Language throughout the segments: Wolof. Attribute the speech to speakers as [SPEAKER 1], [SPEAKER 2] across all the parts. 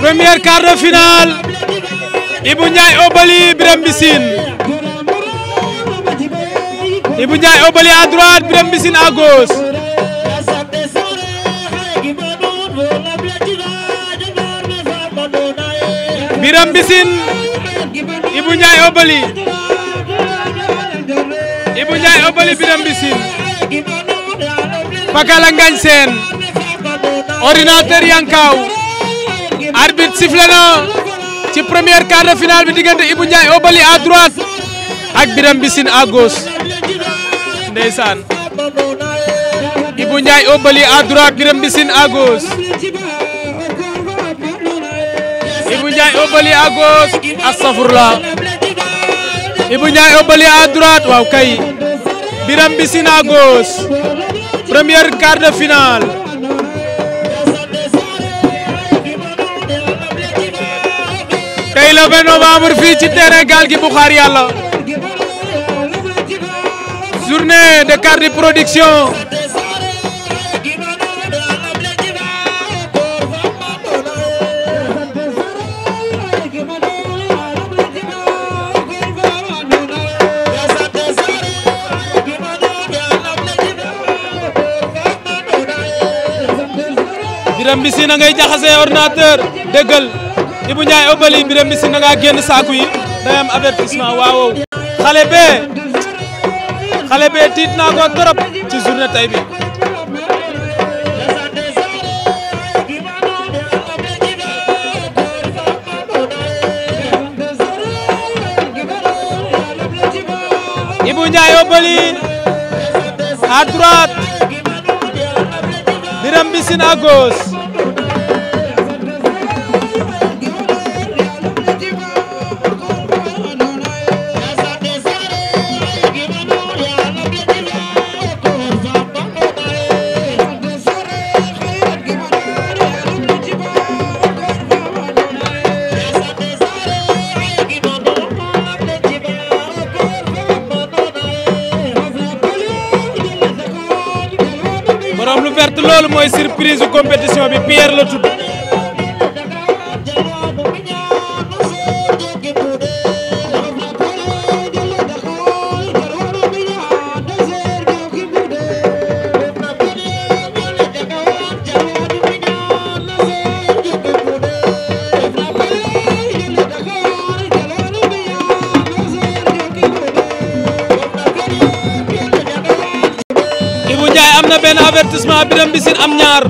[SPEAKER 1] première quart de finale Ibou Ndiaye Obali Birame Mbissine Ibou Ndiaye Obali à droite Birame Mbissine à gauche Birame Mbissine Yankaw arbitre sifflé na ci première quart de bi diggante Ibou Ndiaye Obali à droite ak Biram Bissine à gauche ndeysaan Ibou Ndiaye Obali à droite Biram Bissine à gauche Ibou Ndiaye Obali à gauche astafurla Ibou Ndiaye Obali à waaw kay Biram Bissine à gauche première quart tey le 20 novembre fii ci terrain gaal gi bu xaar journée de Cardy Production Biram Mbissine ngay jaxase ordinateur dëggal Ibou Ndiaye Obali Birame Mbissine da ngaa génn yi day am avertissement waaw tiit naa ko trop ci journée tay bi Ibou Ndiaye Obali à droite Birame découverte loolu mooy surprise compétition bi Pierre la tudd benn avertissement Birame Mbissine am ñaar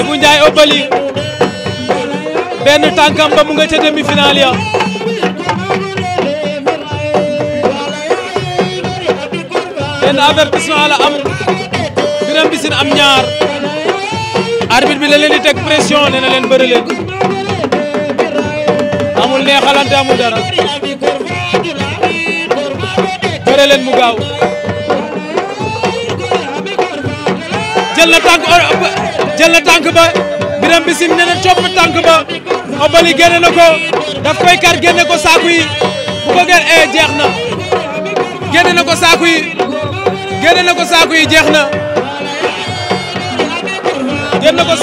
[SPEAKER 1] Ibou Ndiaye Obali benn tànkam ba mu nga demi-finale ya benn avertissement la am Birame Mbissine am ñaar arbitre bi la leen di leen bëri leen neexalante amul dara bëre leen mu gaaw jël na tànk euh, jël na ba biram bisim ne na tànk ba Obali génne na ko daf koy kar génne ko saaku yi bu ko génne eh jeex na génne na ko saaku yi génne na yi jeex na génne ko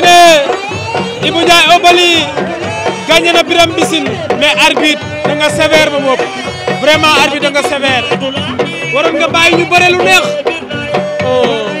[SPEAKER 1] na Ibou Ndiaye Obali gagné na Biram Bisin mais arbitre da nga sévère ba bopp vraiment arbitre da nga sévère waroon nga lu neex oh.